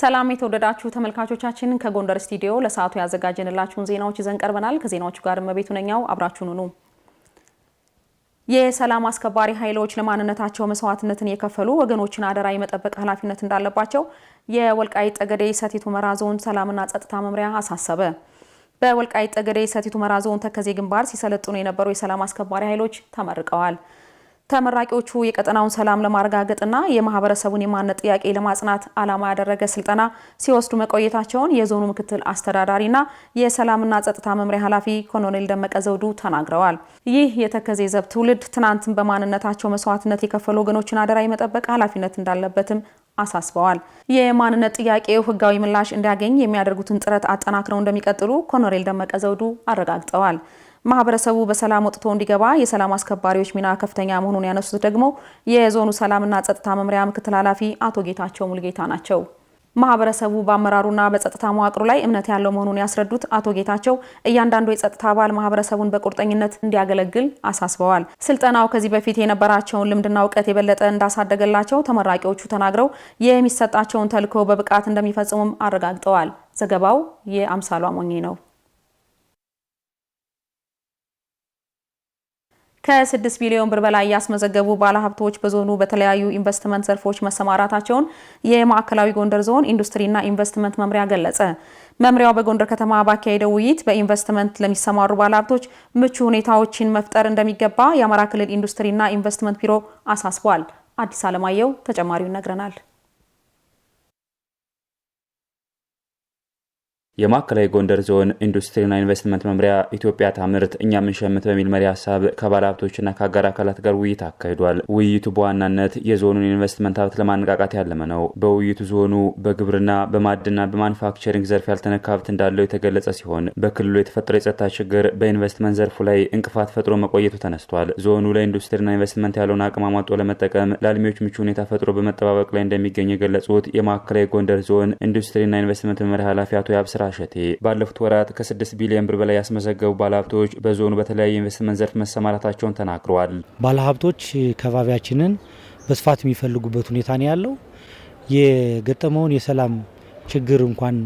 ሰላም የተወደዳችሁ ተመልካቾቻችን፣ ከጎንደር ስቱዲዮ ለሰዓቱ ያዘጋጀንላችሁን ዜናዎች ይዘን ቀርበናል። ከዜናዎቹ ጋር መቤቱ ነኛው፣ አብራችሁን ኑ። የሰላም አስከባሪ ኃይሎች ለማንነታቸው መስዋዕትነትን የከፈሉ ወገኖችን አደራ የመጠበቅ ኃላፊነት እንዳለባቸው የወልቃይት ጠገዴ ሰቲት ሁመራ ዞን ሰላምና ጸጥታ መምሪያ አሳሰበ። በወልቃይት ጠገዴ ሰቲት ሁመራ ዞን ተከዜ ግንባር ሲሰለጥኑ የነበሩ የሰላም አስከባሪ ኃይሎች ተመርቀዋል። ተመራቂዎቹ የቀጠናውን ሰላም ለማረጋገጥና የማህበረሰቡን የማንነት ጥያቄ ለማጽናት ዓላማ ያደረገ ስልጠና ሲወስዱ መቆየታቸውን የዞኑ ምክትል አስተዳዳሪና የሰላምና ጸጥታ መምሪያ ኃላፊ ኮሎኔል ደመቀ ዘውዱ ተናግረዋል። ይህ የተከዜ ዘብ ትውልድ ትናንትን በማንነታቸው መስዋዕትነት የከፈሉ ወገኖችን አደራ የመጠበቅ ኃላፊነት እንዳለበትም አሳስበዋል። የማንነት ጥያቄው ህጋዊ ምላሽ እንዲያገኝ የሚያደርጉትን ጥረት አጠናክረው እንደሚቀጥሉ ኮሎኔል ደመቀ ዘውዱ አረጋግጠዋል። ማህበረሰቡ በሰላም ወጥቶ እንዲገባ የሰላም አስከባሪዎች ሚና ከፍተኛ መሆኑን ያነሱት ደግሞ የዞኑ ሰላምና ጸጥታ መምሪያ ምክትል ኃላፊ አቶ ጌታቸው ሙልጌታ ናቸው። ማህበረሰቡ በአመራሩና በጸጥታ መዋቅሩ ላይ እምነት ያለው መሆኑን ያስረዱት አቶ ጌታቸው እያንዳንዱ የጸጥታ አባል ማህበረሰቡን በቁርጠኝነት እንዲያገለግል አሳስበዋል። ስልጠናው ከዚህ በፊት የነበራቸውን ልምድና እውቀት የበለጠ እንዳሳደገላቸው ተመራቂዎቹ ተናግረው የሚሰጣቸውን ተልዕኮ በብቃት እንደሚፈጽሙም አረጋግጠዋል። ዘገባው የአምሳሉ አሞኜ ነው። ከ6 ቢሊዮን ብር በላይ ያስመዘገቡ ባለሀብቶች በዞኑ በተለያዩ ኢንቨስትመንት ዘርፎች መሰማራታቸውን የማዕከላዊ ጎንደር ዞን ኢንዱስትሪና ኢንቨስትመንት መምሪያ ገለጸ። መምሪያው በጎንደር ከተማ ባካሄደው ውይይት በኢንቨስትመንት ለሚሰማሩ ባለሀብቶች ምቹ ሁኔታዎችን መፍጠር እንደሚገባ የአማራ ክልል ኢንዱስትሪና ኢንቨስትመንት ቢሮ አሳስቧል። አዲስ አለማየሁ ተጨማሪው ነግረናል። የማዕከላዊ ጎንደር ዞን ኢንዱስትሪና ኢንቨስትመንት መምሪያ ኢትዮጵያ ታምርት እኛ ምንሸምት በሚል መሪ ሀሳብ ከባለ ሀብቶችና ከአጋር አካላት ጋር ውይይት አካሂዷል። ውይይቱ በዋናነት የዞኑን ኢንቨስትመንት ሀብት ለማነቃቃት ያለመ ነው። በውይይቱ ዞኑ በግብርና በማዕድና በማኑፋክቸሪንግ ዘርፍ ያልተነካ ሀብት እንዳለው የተገለጸ ሲሆን በክልሉ የተፈጠረው የጸጥታ ችግር በኢንቨስትመንት ዘርፉ ላይ እንቅፋት ፈጥሮ መቆየቱ ተነስቷል። ዞኑ ለኢንዱስትሪና ኢንቨስትመንት ያለውን አቅም አሟጦ ለመጠቀም ለአልሚዎች ምቹ ሁኔታ ፈጥሮ በመጠባበቅ ላይ እንደሚገኝ የገለጹት የማዕከላዊ ጎንደር ዞን ኢንዱስትሪና ኢንቨስትመንት መምሪያ ኃላፊ አቶ ያብስራ ሸቴ ባለፉት ወራት ከ6 ቢሊዮን ብር በላይ ያስመዘገቡ ባለሀብቶች በዞኑ በተለያዩ ኢንቨስትመንት ዘርፍ መሰማራታቸውን ተናግረዋል። ባለሀብቶች ከባቢያችንን በስፋት የሚፈልጉበት ሁኔታ ነው ያለው። የገጠመውን የሰላም ችግር እንኳን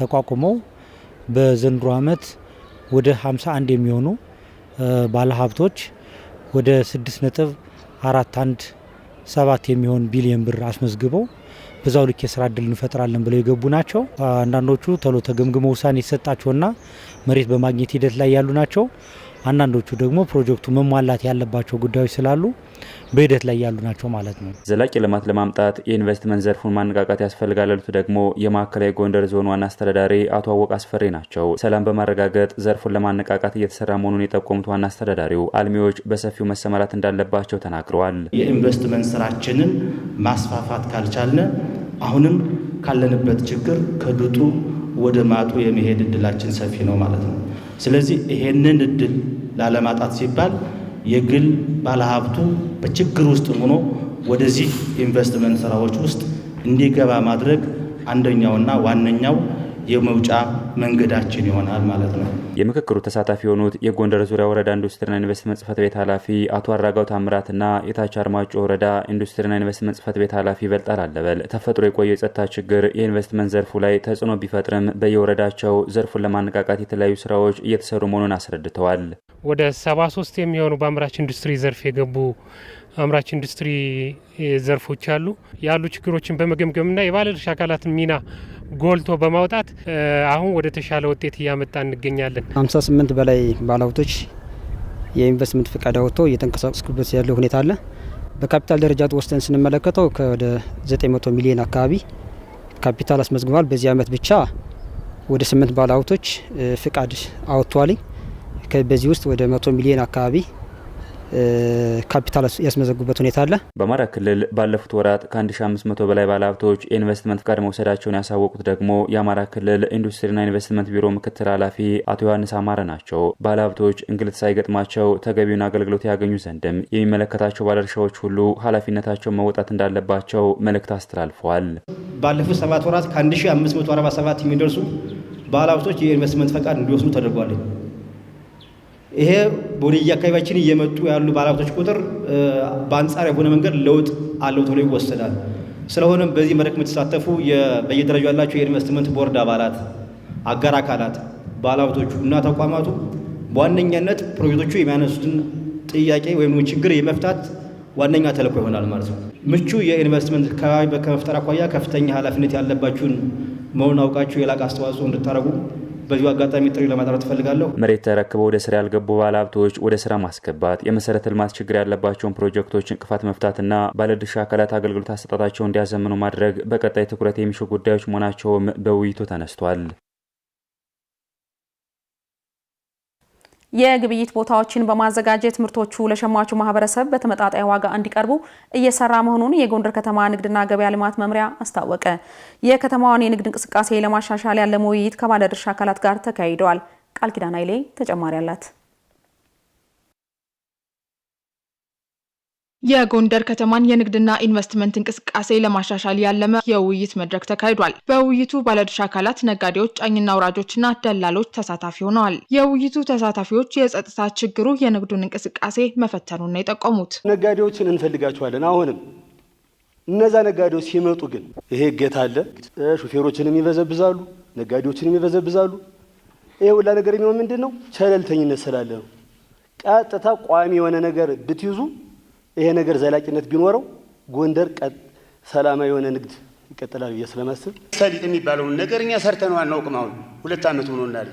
ተቋቁመው በዘንድሮ ዓመት ወደ 51 የሚሆኑ ባለሀብቶች ወደ 6 ነጥብ 417 የሚሆን ቢሊዮን ብር አስመዝግበው በዛው ልክ የስራ እድል እንፈጥራለን ብለው የገቡ ናቸው። አንዳንዶቹ ቶሎ ተገምግመው ውሳኔ የተሰጣቸውና መሬት በማግኘት ሂደት ላይ ያሉ ናቸው። አንዳንዶቹ ደግሞ ፕሮጀክቱ መሟላት ያለባቸው ጉዳዮች ስላሉ በሂደት ላይ ያሉ ናቸው ማለት ነው። ዘላቂ ልማት ለማምጣት የኢንቨስትመንት ዘርፉን ማነቃቃት ያስፈልጋል ያሉት ደግሞ የማዕከላዊ ጎንደር ዞን ዋና አስተዳዳሪ አቶ አወቅ አስፈሬ ናቸው። ሰላም በማረጋገጥ ዘርፉን ለማነቃቃት እየተሰራ መሆኑን የጠቆሙት ዋና አስተዳዳሪው አልሚዎች በሰፊው መሰማራት እንዳለባቸው ተናግረዋል። የኢንቨስትመንት ስራችንን ማስፋፋት ካልቻልን አሁንም ካለንበት ችግር ከድጡ ወደ ማጡ የመሄድ እድላችን ሰፊ ነው ማለት ነው። ስለዚህ ይሄንን እድል ላለማጣት ሲባል የግል ባለሀብቱ በችግር ውስጥ ሆኖ ወደዚህ ኢንቨስትመንት ስራዎች ውስጥ እንዲገባ ማድረግ አንደኛውና ዋነኛው የመውጫ መንገዳችን ይሆናል ማለት ነው። የምክክሩ ተሳታፊ የሆኑት የጎንደር ዙሪያ ወረዳ ኢንዱስትሪና ኢንቨስትመንት ጽፈት ቤት ኃላፊ አቶ አራጋው ታምራትና የታች አርማጮ ወረዳ ኢንዱስትሪና ኢንቨስትመንት ጽፈት ቤት ኃላፊ ይበልጣል አለበል ተፈጥሮ የቆየ የጸጥታ ችግር የኢንቨስትመንት ዘርፉ ላይ ተጽዕኖ ቢፈጥርም በየወረዳቸው ዘርፉን ለማነቃቃት የተለያዩ ስራዎች እየተሰሩ መሆኑን አስረድተዋል። ወደ ሶስት የሚሆኑ በአምራች ኢንዱስትሪ ዘርፍ የገቡ አምራች ኢንዱስትሪ ዘርፎች አሉ ያሉ ችግሮችን በመገምገምና የባለድርሻ አካላትን ሚና ጎልቶ በማውጣት አሁን ወደ ተሻለ ውጤት እያመጣ እንገኛለን። ስምንት በላይ ባለሀብቶች የኢንቨስትመንት ፍቃድ አውጥቶ እየተንቀሳቀስኩበት ያለው ሁኔታ አለ። በካፒታል ደረጃ ወስደን ስንመለከተው ከወደ 900 ሚሊዮን አካባቢ ካፒታል አስመዝግቧል። በዚህ ዓመት ብቻ ወደ 8 ባለሀብቶች ፍቃድ አውጥቷልኝ። በዚህ ውስጥ ወደ 100 ሚሊዮን አካባቢ ካፒታል ያስመዘጉበት ሁኔታ አለ። በአማራ ክልል ባለፉት ወራት ከ1500 በላይ ባለሀብቶች የኢንቨስትመንት ፍቃድ መውሰዳቸውን ያሳወቁት ደግሞ የአማራ ክልል ኢንዱስትሪና ኢንቨስትመንት ቢሮ ምክትል ኃላፊ አቶ ዮሐንስ አማረ ናቸው። ባለሀብቶች እንግልት ሳይገጥማቸው ተገቢውን አገልግሎት ያገኙ ዘንድም የሚመለከታቸው ባለድርሻዎች ሁሉ ኃላፊነታቸውን መወጣት እንዳለባቸው መልእክት አስተላልፈዋል። ባለፉት ሰባት ወራት ከ1547 የሚደርሱ ባለሀብቶች የኢንቨስትመንት ፈቃድ እንዲወስዱ ተደርጓል። ይሄ ወደየ አካባቢያችን እየመጡ ያሉ ባለሀብቶች ቁጥር በአንጻር የሆነ መንገድ ለውጥ አለው ተብሎ ይወሰዳል። ስለሆነም በዚህ መድረክ የምትሳተፉ በየደረጃው ያላቸው የኢንቨስትመንት ቦርድ አባላት፣ አጋር አካላት፣ ባለሀብቶቹ እና ተቋማቱ በዋነኛነት ፕሮጀክቶቹ የሚያነሱትን ጥያቄ ወይም ችግር የመፍታት ዋነኛ ተልዕኮ ይሆናል ማለት ነው። ምቹ የኢንቨስትመንት አካባቢ ከመፍጠር አኳያ ከፍተኛ ኃላፊነት ያለባችሁን መሆኑን አውቃችሁ የላቅ አስተዋጽኦ እንድታደርጉ በዚሁ አጋጣሚ ጥሪ ለማድረግ ትፈልጋለሁ። መሬት ተረክበው ወደ ስራ ያልገቡ ባለሀብቶች ወደ ስራ ማስገባት፣ የመሰረተ ልማት ችግር ያለባቸውን ፕሮጀክቶች እንቅፋት መፍታትና ባለድርሻ አካላት አገልግሎት አሰጣጣቸው እንዲያዘምኑ ማድረግ በቀጣይ ትኩረት የሚሹ ጉዳዮች መሆናቸውም በውይይቱ ተነስቷል። የግብይት ቦታዎችን በማዘጋጀት ምርቶቹ ለሸማቹ ማህበረሰብ በተመጣጣኝ ዋጋ እንዲቀርቡ እየሰራ መሆኑን የጎንደር ከተማ ንግድና ገበያ ልማት መምሪያ አስታወቀ። የከተማዋን የንግድ እንቅስቃሴ ለማሻሻል ያለመ ውይይት ከባለድርሻ አካላት ጋር ተካሂደዋል። ቃል ኪዳን ኃይሌ ተጨማሪ አላት። የጎንደር ከተማን የንግድና ኢንቨስትመንት እንቅስቃሴ ለማሻሻል ያለመ የውይይት መድረክ ተካሂዷል። በውይይቱ ባለድርሻ አካላት፣ ነጋዴዎች፣ ጫኝና አውራጆችና ደላሎች ተሳታፊ ሆነዋል። የውይይቱ ተሳታፊዎች የጸጥታ ችግሩ የንግዱን እንቅስቃሴ መፈተኑን ነው የጠቆሙት። ነጋዴዎችን እንፈልጋቸዋለን። አሁንም እነዛ ነጋዴዎች ሲመጡ ግን ይሄ እገታ አለ። ሹፌሮችንም ይበዘብዛሉ፣ ነጋዴዎችንም ይበዘብዛሉ። ይሄ ሁላ ነገር የሚሆን ምንድን ነው? ቸለልተኝነት ስላለ ነው። ቀጥታ ቋሚ የሆነ ነገር ብትይዙ ይሄ ነገር ዘላቂነት ቢኖረው ጎንደር ሰላማዊ የሆነ ንግድ ይቀጥላል ብዬ ስለማስብ ሰሊጥ የሚባለውን ነገር እኛ ሰርተነው አናውቅም። አሁን ሁለት ዓመት እናለ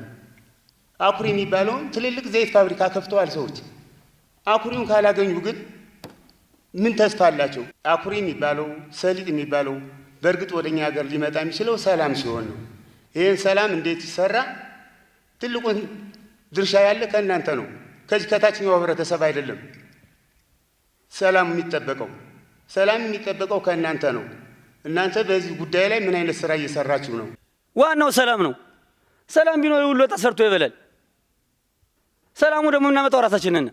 አኩሪ የሚባለውን ትልልቅ ዘይት ፋብሪካ ከፍተዋል ሰዎች። አኩሪውን ካላገኙ ግን ምን ተስፋ አላቸው? አኩሪ የሚባለው ሰሊጥ የሚባለው በእርግጥ ወደ እኛ ሀገር ሊመጣ የሚችለው ሰላም ሲሆን ነው። ይህን ሰላም እንዴት ይሰራ? ትልቁን ድርሻ ያለ ከእናንተ ነው፣ ከዚህ ከታችኛው ህብረተሰብ አይደለም። ሰላም የሚጠበቀው ሰላም የሚጠበቀው ከእናንተ ነው። እናንተ በዚህ ጉዳይ ላይ ምን አይነት ስራ እየሰራችሁ ነው? ዋናው ሰላም ነው። ሰላም ቢኖር ሁሉ ተሰርቶ ይበላል። ሰላሙ ደግሞ የምናመጣው ራሳችንን።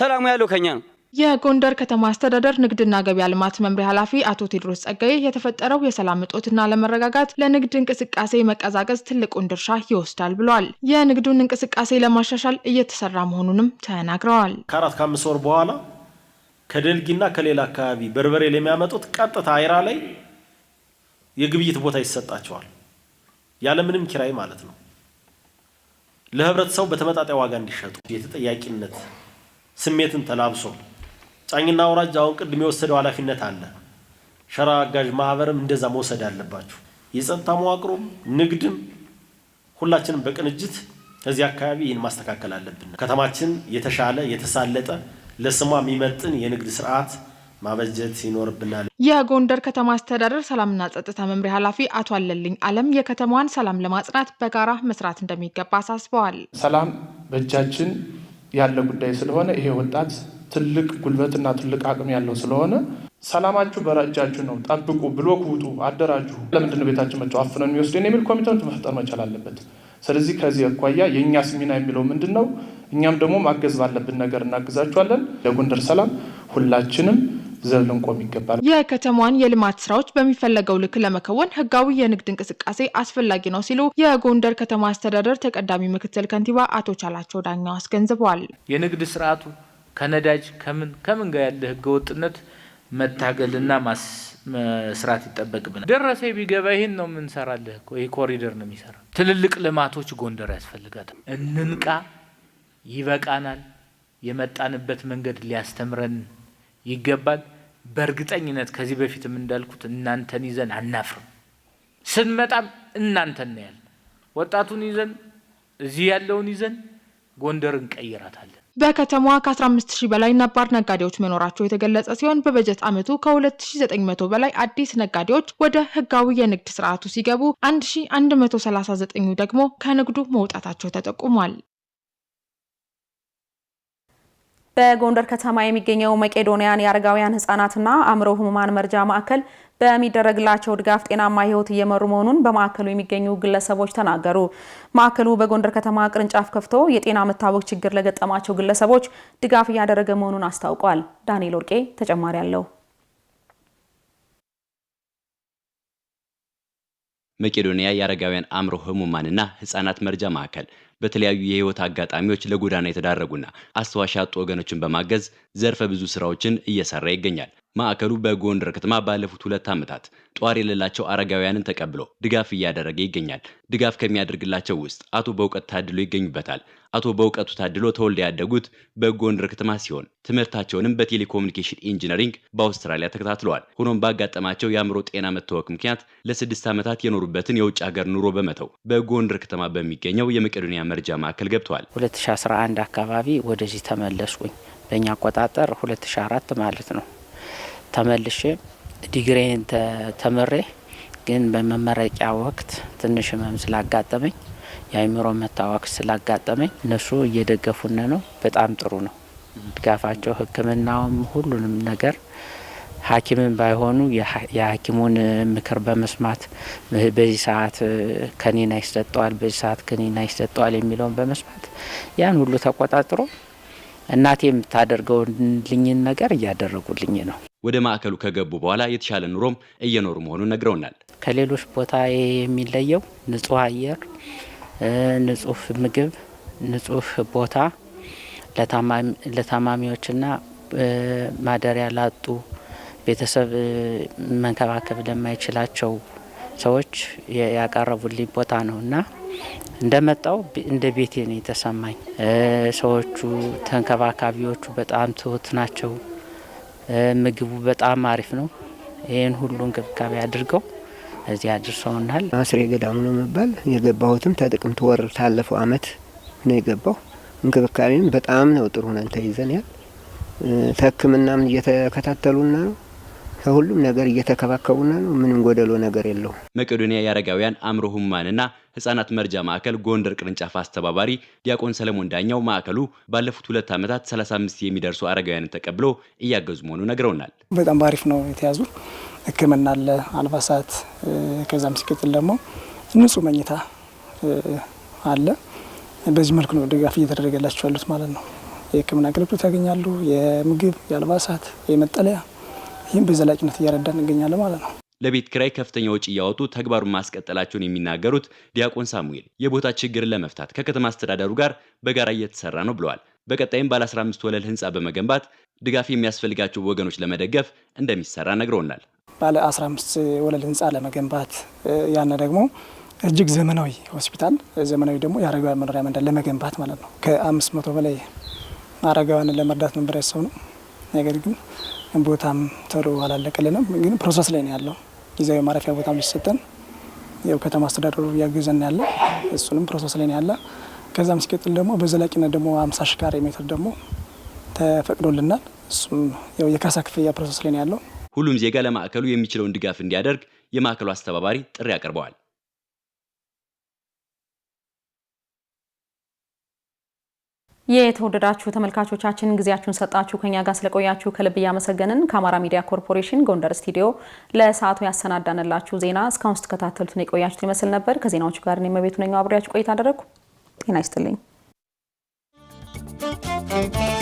ሰላሙ ያለው ከኛ ነው። የጎንደር ከተማ አስተዳደር ንግድና ገበያ ልማት መምሪያ ኃላፊ አቶ ቴድሮስ ጸጋዬ የተፈጠረው የሰላም እጦትና አለመረጋጋት ለንግድ እንቅስቃሴ መቀዛቀዝ ትልቁን ድርሻ ይወስዳል ብለዋል። የንግዱን እንቅስቃሴ ለማሻሻል እየተሰራ መሆኑንም ተናግረዋል። ከአራት ከአምስት ወር በኋላ ከደልጊና ከሌላ አካባቢ በርበሬ ለሚያመጡት ቀጥታ አይራ ላይ የግብይት ቦታ ይሰጣቸዋል። ያለምንም ኪራይ ማለት ነው። ለህብረተሰቡ በተመጣጣኝ ዋጋ እንዲሸጡ የተጠያቂነት ስሜትን ተላብሶ ጫኝና አውራጅ አሁን ቅድም የወሰደው ኃላፊነት አለ። ሸራ አጋዥ ማህበርም እንደዛ መውሰድ አለባችሁ። የጸጥታ መዋቅሩም ንግድም ሁላችንም በቅንጅት እዚህ አካባቢ ይህን ማስተካከል አለብን። ከተማችን የተሻለ የተሳለጠ ለስሟ የሚመጥን የንግድ ስርዓት ማበጀት ይኖርብናል። የጎንደር ከተማ አስተዳደር ሰላምና ጸጥታ መምሪያ ኃላፊ አቶ አለልኝ አለም የከተማዋን ሰላም ለማጽናት በጋራ መስራት እንደሚገባ አሳስበዋል። ሰላም በእጃችን ያለ ጉዳይ ስለሆነ ይሄ ወጣት ትልቅ ጉልበትና ትልቅ አቅም ያለው ስለሆነ ሰላማችሁ በእጃችሁ ነው፣ ጠብቁ፣ ብሎክ ውጡ፣ አደራጁ፣ ለምንድነው ቤታችን መጫ አፍነው የሚወስደን የሚል ኮሚቴ መፍጠር መቻል አለበት። ስለዚህ ከዚህ አኳያ የእኛስ ሚና የሚለው ምንድን ነው? እኛም ደግሞ ማገዝ ባለብን ነገር እናግዛቸዋለን። ለጎንደር ሰላም ሁላችንም ዘብ ልንቆም ይገባል። የከተማዋን የልማት ስራዎች በሚፈለገው ልክ ለመከወን ህጋዊ የንግድ እንቅስቃሴ አስፈላጊ ነው ሲሉ የጎንደር ከተማ አስተዳደር ተቀዳሚ ምክትል ከንቲባ አቶ ቻላቸው ዳኛው አስገንዝበዋል። የንግድ ስርዓቱ ከነዳጅ ከምን ከምን ጋር ያለ ህገወጥነት መታገልና መስራት ይጠበቅብናል። ደረሰ ቢገባ ይህን ነው የምንሰራልህ። ይህ ኮሪደር ነው የሚሰራ። ትልልቅ ልማቶች ጎንደር ያስፈልጋታል። እንንቃ ይበቃናል። የመጣንበት መንገድ ሊያስተምረን ይገባል። በእርግጠኝነት ከዚህ በፊትም እንዳልኩት እናንተን ይዘን አናፍርም። ስንመጣም እናንተን ያል ወጣቱን ይዘን እዚህ ያለውን ይዘን ጎንደር እንቀይራታለን። በከተማዋ ከ15 ሺህ በላይ ነባር ነጋዴዎች መኖራቸው የተገለጸ ሲሆን በበጀት ዓመቱ ከ2900 በላይ አዲስ ነጋዴዎች ወደ ህጋዊ የንግድ ስርዓቱ ሲገቡ 1139ኙ ደግሞ ከንግዱ መውጣታቸው ተጠቁሟል። በጎንደር ከተማ የሚገኘው መቄዶንያን የአረጋውያን ህጻናትና አእምሮ ህሙማን መርጃ ማዕከል በሚደረግላቸው ድጋፍ ጤናማ ህይወት እየመሩ መሆኑን በማዕከሉ የሚገኙ ግለሰቦች ተናገሩ። ማዕከሉ በጎንደር ከተማ ቅርንጫፍ ከፍቶ የጤና መታወክ ችግር ለገጠማቸው ግለሰቦች ድጋፍ እያደረገ መሆኑን አስታውቋል። ዳንኤል ወርቄ ተጨማሪ አለው። መቄዶንያ የአረጋውያን አእምሮ ህሙማንና ህጻናት መርጃ ማዕከል በተለያዩ የህይወት አጋጣሚዎች ለጎዳና የተዳረጉና አስተዋሽ ያጡ ወገኖችን በማገዝ ዘርፈ ብዙ ስራዎችን እየሰራ ይገኛል። ማዕከሉ በጎንደር ከተማ ባለፉት ሁለት ዓመታት ጧሪ የሌላቸው አረጋውያንን ተቀብሎ ድጋፍ እያደረገ ይገኛል። ድጋፍ ከሚያደርግላቸው ውስጥ አቶ በእውቀት ታድሎ ይገኙበታል። አቶ በእውቀቱ ታድሎ ተወልደ ያደጉት በጎንደር ከተማ ሲሆን ትምህርታቸውንም በቴሌኮሙኒኬሽን ኢንጂነሪንግ በአውስትራሊያ ተከታትለዋል። ሆኖም ባጋጠማቸው የአእምሮ ጤና መታወክ ምክንያት ለስድስት ዓመታት የኖሩበትን የውጭ ሀገር ኑሮ በመተው በጎንደር ከተማ በሚገኘው የመቄዶንያ መርጃ ማዕከል ገብተዋል። 2011 አካባቢ ወደዚህ ተመለስኩኝ። በእኛ አቆጣጠር 2004 ማለት ነው። ተመልሼ ዲግሬን ተምሬ ግን በመመረቂያ ወቅት ትንሽ ህመም ስላጋጠመኝ የአይምሮ መታወክ ስላጋጠመኝ እነሱ እየደገፉን ነው። በጣም ጥሩ ነው ድጋፋቸው፣ ህክምናውም ሁሉንም ነገር ሐኪምን ባይሆኑ የሐኪሙን ምክር በመስማት በዚህ ሰዓት ከኔና ይሰጠዋል፣ በዚህ ሰዓት ከኔና ይሰጠዋል የሚለውን በመስማት ያን ሁሉ ተቆጣጥሮ እናቴ የምታደርገውልኝን ነገር እያደረጉልኝ ነው። ወደ ማዕከሉ ከገቡ በኋላ የተሻለ ኑሮም እየኖሩ መሆኑን ነግረውናል። ከሌሎች ቦታ የሚለየው ንጹህ አየር፣ ንጹህ ምግብ፣ ንጹህ ቦታ ለታማሚዎችና ማደሪያ ላጡ ቤተሰብ መንከባከብ ለማይችላቸው ሰዎች ያቀረቡልኝ ቦታ ነው እና እንደመጣው እንደ ቤቴ ነው የተሰማኝ። ሰዎቹ ተንከባካቢዎቹ በጣም ትሁት ናቸው። ምግቡ በጣም አሪፍ ነው። ይህን ሁሉ እንክብካቤ አድርገው እዚህ አድርሰውናል። አስሬ ገዳሙ ነው መባል የገባሁትም ተጥቅምት ወር ታለፈው አመት ነው የገባው። እንክብካቤም በጣም ነው ጥሩ ነን ተይዘን ያል ተህክምናም እየተከታተሉና ነው ከሁሉም ነገር እየተከባከቡና ነው። ምንም ጎደሎ ነገር የለው መቄዶንያ የአረጋውያን አእምሮ ህሙማንና ህጻናት መርጃ ማዕከል ጎንደር ቅርንጫፍ አስተባባሪ ዲያቆን ሰለሞን ዳኛው ማዕከሉ ባለፉት ሁለት ዓመታት 35 የሚደርሱ አረጋውያንን ተቀብሎ እያገዙ መሆኑን ነግረውናል። በጣም ባሪፍ ነው የተያዙ ህክምና አለ፣ አልባሳት፣ ከዛም ሲቀጥል ደግሞ ንጹህ መኝታ አለ። በዚህ መልኩ ነው ድጋፍ እየተደረገላቸው ያሉት ማለት ነው። የህክምና አገልግሎት ያገኛሉ። የምግብ፣ የአልባሳት፣ የመጠለያ ይህም በዘላቂነት እያረዳን እንገኛለን ማለት ነው። ለቤት ክራይ ከፍተኛ ወጪ እያወጡ ተግባሩን ማስቀጠላቸውን የሚናገሩት ዲያቆን ሳሙኤል የቦታ ችግርን ለመፍታት ከከተማ አስተዳደሩ ጋር በጋራ እየተሰራ ነው ብለዋል። በቀጣይም ባለ 15 ወለል ህንፃ በመገንባት ድጋፍ የሚያስፈልጋቸው ወገኖች ለመደገፍ እንደሚሰራ ነግረውናል። ባለ 15 ወለል ህንፃ ለመገንባት ያነ ደግሞ እጅግ ዘመናዊ ሆስፒታል ዘመናዊ ደግሞ የአረጋውያን መኖሪያ መንደር ለመገንባት ማለት ነው። ከአምስት መቶ በላይ አረጋውያንን ለመርዳት ነበር ያሰብነው ነገር ግን ቦታም ቶሎ አላለቀልንም፣ ግን ፕሮሰስ ላይ ነው ያለው። ጊዜያዊ ማረፊያ ቦታም ሊሰጠን ያው ከተማ አስተዳደሩ እያገዘን ያለ እሱንም ፕሮሰስ ላይ ነው ያለ። ከዛም ሲቀጥል ደግሞ በዘላቂነት ደግሞ አምሳ ሺ ካሬ ሜትር ደግሞ ተፈቅዶልናል። እሱም ያው የካሳ ክፍያ ፕሮሰስ ላይ ነው ያለው። ሁሉም ዜጋ ለማዕከሉ የሚችለውን ድጋፍ እንዲያደርግ የማዕከሉ አስተባባሪ ጥሪ አቅርበዋል። የተወደዳችሁ ተመልካቾቻችን ጊዜያችሁን ሰጣችሁ ከኛ ጋር ስለቆያችሁ ከልብ እያመሰገንን ከአማራ ሚዲያ ኮርፖሬሽን ጎንደር ስቱዲዮ ለሰዓቱ ያሰናዳንላችሁ ዜና እስካሁን ስትከታተሉትን የቆያችሁት ይመስል ነበር። ከዜናዎቹ ጋር እኔ መቤቱ ነኛው አብሬያችሁ ቆይታ አደረግኩ። ጤና ይስጥልኝ።